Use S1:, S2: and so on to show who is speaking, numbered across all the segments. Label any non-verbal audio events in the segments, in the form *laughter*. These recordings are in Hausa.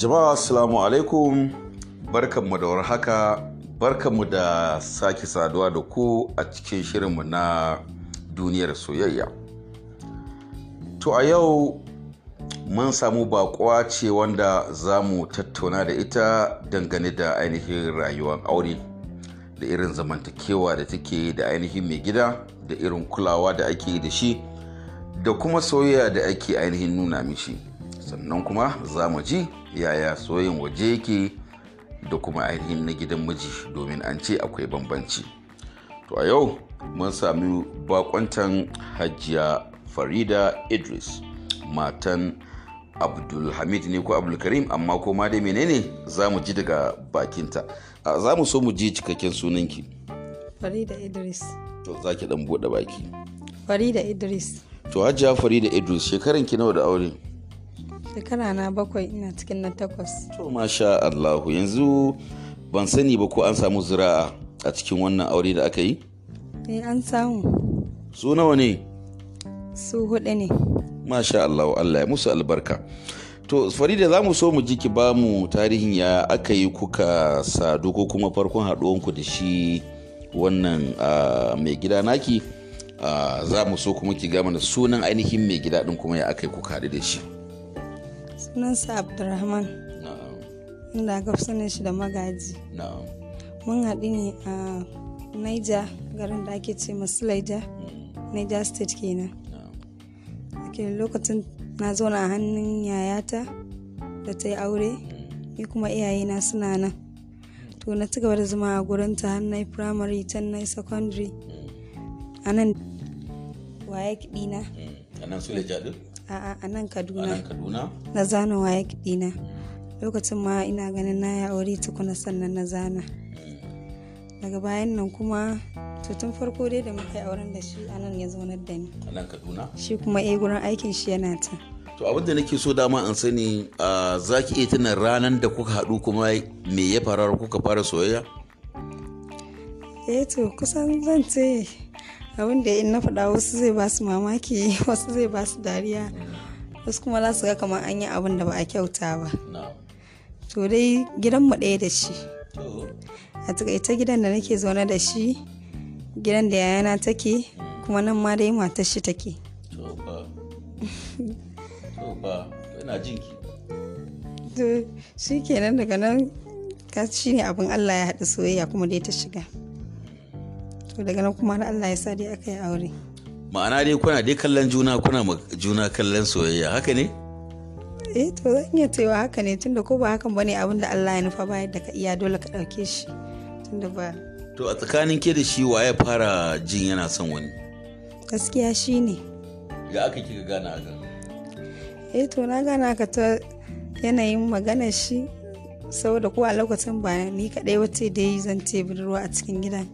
S1: jama'a assalamu alaikum mu da warhaka mu da sake saduwa da ku a cikin shirin mu na duniyar soyayya to a yau mun samu bakwa ce wanda za mu tattauna da ita dangane da ainihin rayuwar aure da irin zamantakewa da take da ainihin mai gida da irin kulawa da ake da shi da kuma soyayya da ake ainihin nuna mishi sannan kuma za mu ji yaya soyin waje yake da kuma ainihin na gidan miji domin an ce akwai bambanci to a yau mun sami bakwantan hajiya farida idris matan abdulhamid ne ko abdulkarim amma ko ma dai menene za mu ji daga bakinta za mu so mu ji cikakken sunanki
S2: farida idris
S1: to za ki dan buɗe baki
S2: farida idris
S1: to hajiya farida idris shekaran ki nawa da aure
S2: shekara na bakwai ina cikin na takwas to
S1: masha allahu yanzu ban sani ba ko an samu zira'a a cikin wannan aure da aka yi
S2: eh an samu
S1: su nawa ne
S2: su hudu ne
S1: masha allahu allah ya musu albarka to farida za mu so mu ji ki ba mu tarihin ya aka yi kuka sadu ko kuma farkon haɗuwanku da shi wannan mai gida naki za mu so kuma ki gama da sunan ainihin mai gida din kuma ya aka yi kuka da shi
S2: sunansa abdulrahman inda aka fi sanin shi da magaji mun haɗu ne a niger garin da ake ce masu laija hmm. niger state kenan ake lokacin na zauna a hannun yayata da ta yi aure hmm. ni kuma iyayena suna nan to na ci gaba da zama a gurin ta har na primary can secondary hmm. a nan waye ɗina. a nan su a'a a nan kaduna na zana waya dina lokacin ma ina ganin na ya aure tukuna sannan na zana daga bayan nan kuma to farko dai da muka yi auren da shi a nan ya zaunar da ni shi kuma eh gurin aikin shi yana ta
S1: to abin da nake so dama in sani za ki iya tunan ranar da kuka haɗu kuma me ya farar kuka fara soyayya
S2: eh to kusan zan ce abin da in na faɗa wasu zai ba su mamaki *laughs* wasu zai ba su dariya wasu kuma za su ga kamar an yi abin da ba a kyauta ba to dai gidanmu ɗaya da shi a takaita gidan da nake zaune da shi gidan da yayana take kuma nan ma dai matar shi take to shi kenan daga nan shi ne abin allah ya haɗu soyayya kuma dai ta shiga to daga nan kuma Allah ya sa dai aka yi aure
S1: ma'ana dai kuna dai kallon juna kuna juna kallon soyayya haka ne
S2: eh to zan iya cewa haka ne tunda ko ba hakan bane abin da Allah ya nufa ba yadda ka iya dole ka dauke shi tunda ba
S1: to a tsakanin ke da shi waye fara jin yana son wani
S2: gaskiya shi ne
S1: da aka kika gana haka
S2: eh to na gana ka ta yanayin magana shi saboda ko a lokacin ba ni kadai wace dai zan ce budurwa a cikin gidan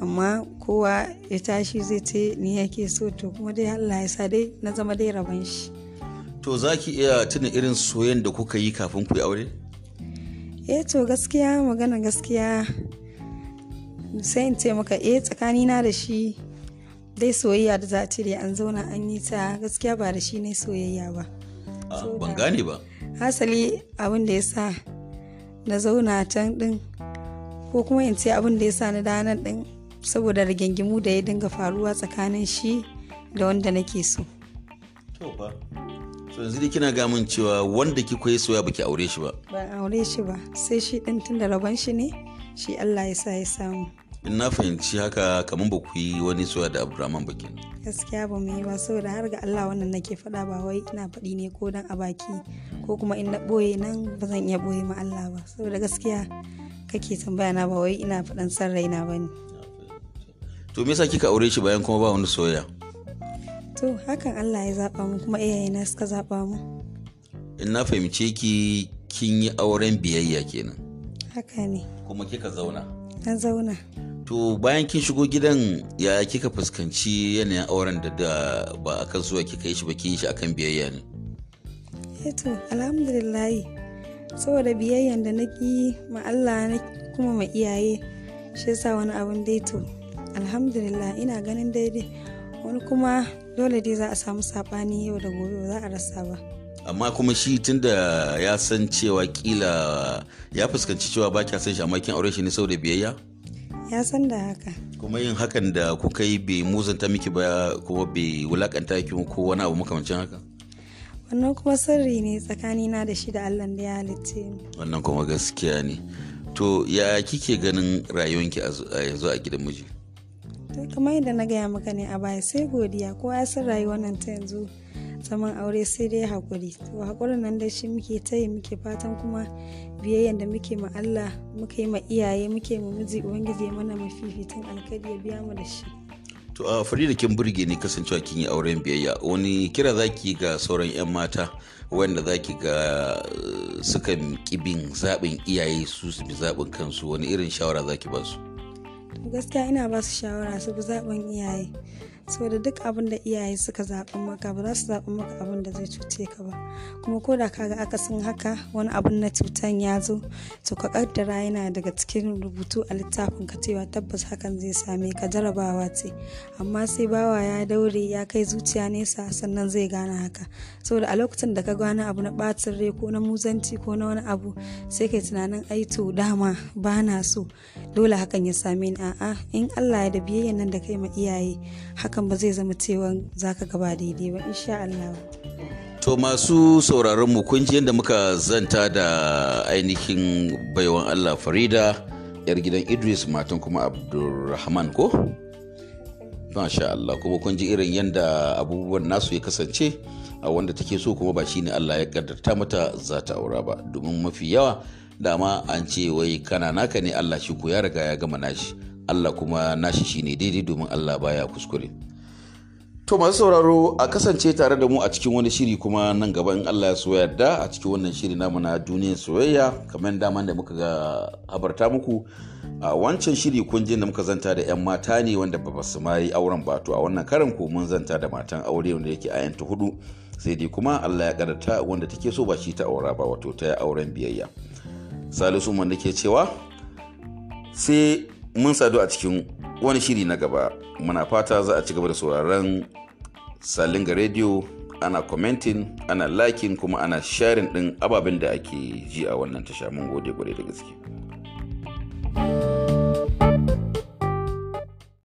S2: amma kowa ya tashi zai ce ni yake so to kuma dai Allah ya sa dai na zama dai rabon shi
S1: to za ki iya tuna irin soyayyen da kuka yi kafin ku yi aure
S2: eh to gaskiya magana gaskiya sai in ce maka eh tsakanina da shi dai soyayya da za ta an zauna an yi ta gaskiya ba da shi ne soyayya ba ban gane ba hasali abin da ya sa na zauna can din ko kuma in ce abin da ya sa na danan din saboda rigingimu da ya dinga faruwa tsakanin shi da wanda nake so
S1: to so kina ga min cewa wanda kika yi soya baki aure shi ba
S2: ba aure shi ba sai shi din tunda rabon shi ne shi Allah ya sa ya samu
S1: in na fahimci haka kamar ba ku yi wani soya da Abdurrahman baki.
S2: gaskiya ba mu yi ba saboda har ga Allah wannan nake faɗa ba wai ina faɗi ne ko dan a baki ko kuma in na boye nan ba zan iya boye ma Allah ba saboda gaskiya kake tambaya na ba wai ina faɗan san raina ba ne
S1: to me yasa kika aure shi bayan kuma ba wani soyayya
S2: to hakan Allah ya zaba mu kuma na suka zaba mu
S1: in na fahimce ki kin yi auren biyayya kenan haka ne kuma kika zauna na zauna to bayan kin shigo gidan yaya kika fuskanci yanayin auren da da ba a kan kika yi shi ba kin yi shi akan biyayya ne
S2: eh to alhamdulillah saboda biyayyan da na ma Allah kuma ma iyaye shi yasa wani abun dai to alhamdulillah ina ganin daidai wani kuma dole dai za a samu sabani yau da gobe ba za a rasa ba
S1: amma kuma shi tunda ya san cewa kila ya fuskanci cewa ba kya san shi amma kin aure shi ne saboda biyayya
S2: ya san da haka
S1: kuma yin hakan da kuka yi bai muzanta miki ba kuma bai wulakanta ki ko wani abu makamancin haka
S2: wannan kuma sirri ne tsakanina da shi da allah da ya halitta ni
S1: wannan kuma gaskiya ne to ya kike ganin rayuwanki a yanzu a gidan miji
S2: kamar yadda na gaya maka ne a baya sai godiya kowa ya san rayuwa nan ta yanzu zaman aure sai dai haƙuri to haƙurin nan da shi muke ta yi muke fatan kuma biyayyen da muke ma Allah muke ma iyaye muke ma miji ubangiji ya mana mafificin alkhairi ya biya mu da shi
S1: to a farida kin burge ne kasancewa kin yi auren biyayya wani kira zaki ga sauran yan mata wanda zaki ga eh, sukan kibin zaɓin iyaye su su bi zaɓin kansu wani irin shawara zaki ba su
S2: gaskiya ina ba su shawara su bi zaɓin iyaye saboda duk abin da iyaye suka zaɓi maka ba za su zaɓi maka abin da zai cuce ka ba kuma ko da kaga akasin haka wani abin na cutan ya zo to ka kaddara yana daga cikin rubutu a littafin ka cewa tabbas hakan zai same ka jarabawa ce amma sai bawa ya daure ya kai zuciya nesa sannan zai gane haka saboda a lokacin da ka gane abu na ɓacin rai ko na muzanci ko na wani abu sai kai tunanin ai to dama ba na so dole hakan ya same ni a'a in Allah ya da biyayyan nan da kai ma iyaye hakan hakan ba zai zama cewa za ka gaba daidai ba insha Allah.
S1: To masu sauraron mu kun ji yadda muka zanta da ainihin baiwan Allah Farida yar gidan Idris matan kuma Abdulrahman ko? Masha Allah kuma kun ji irin yadda abubuwan nasu ya kasance a wanda take so kuma ba shine Allah ya kaddarta mata za ta aura ba domin mafi yawa dama an ce wai kana naka ne Allah shi ko ya riga ya gama nashi Allah kuma nashi shine daidai domin Allah baya kuskure. To masu sauraro a kasance tare da mu a cikin wani shiri kuma nan gaba in Allah ya so yarda a cikin wannan shiri namu na duniyar soyayya kamar daman da muka ga habarta muku a wancan shiri kun da muka zanta da 'yan mata ne wanda ba su ma yi auren ba to a wannan karan ko mun zanta da matan aure wanda yake a ta hudu sai dai kuma Allah ya karanta wanda take so ba shi ta aura ba wato ta auren biyayya. Salisu da ke cewa sai mun sadu a cikin wani shiri na gaba muna fata za a ci gaba da sauraron salinga rediyo ana kwamentin ana liking kuma ana sharin din ababen da ake ji a wannan tasha mun gode gode da gaske